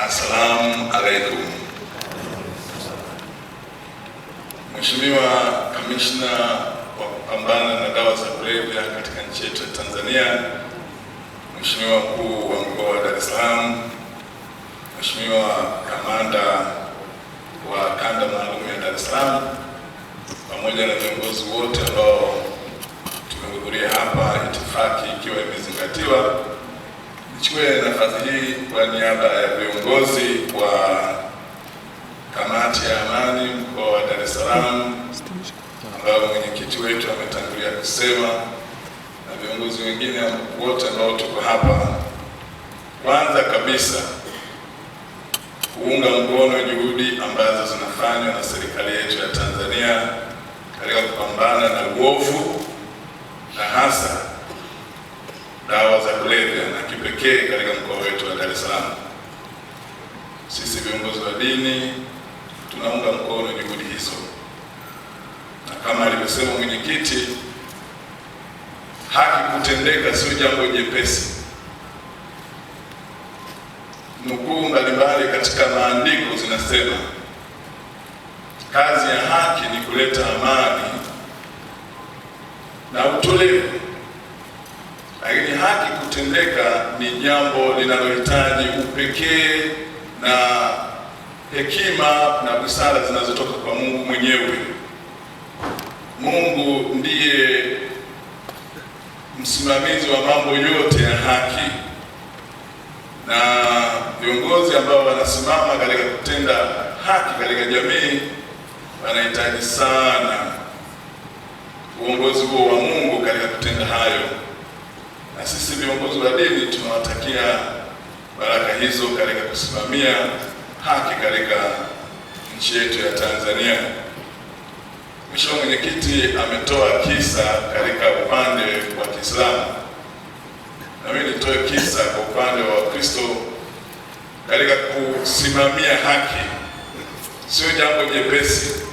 Assalamu alaikum. Mheshimiwa Kamishna wa kupambana na dawa za kulevya katika nchi yetu ya Tanzania, Mheshimiwa Mkuu wa Mkoa wa Dar es Salaam, Mheshimiwa Kamanda wa Kanda Maalum ya Dar es Salaam, pamoja na viongozi wote ambao tumehudhuria hapa, itifaki ikiwa imezingatiwa Nichukue nafasi hii kwa niaba ya viongozi wa kamati ya amani mkoa wa Dar es Salaam ambao mwenyekiti wetu ametangulia kusema na viongozi wengine wote ambao tuko hapa, kwanza kabisa kuunga mkono juhudi ambazo zinafanywa na serikali yetu ya Tanzania katika kupambana na uovu na hasa kipekee katika mkoa wetu wa Dar es Salaam. Sisi viongozi wa dini tunaunga mkono juhudi hizo, na kama alivyosema mwenyekiti, haki kutendeka sio jambo jepesi. Nukuu mbalimbali katika maandiko zinasema kazi ya haki ni kuleta amani na utulivu lakini haki kutendeka ni jambo linalohitaji upekee na hekima na busara zinazotoka kwa Mungu mwenyewe. Mungu ndiye msimamizi wa mambo yote ya haki, na viongozi ambao wanasimama katika kutenda haki katika jamii wanahitaji sana uongozi huo wa Mungu katika kutenda hayo na sisi viongozi wa dini tunawatakia baraka hizo katika kusimamia haki katika nchi yetu ya Tanzania. Mheshimiwa Mwenyekiti ametoa kisa katika upande wa Kiislamu, na mimi nitoe kisa kwa upande wa Kristo katika kusimamia haki. Sio jambo jepesi.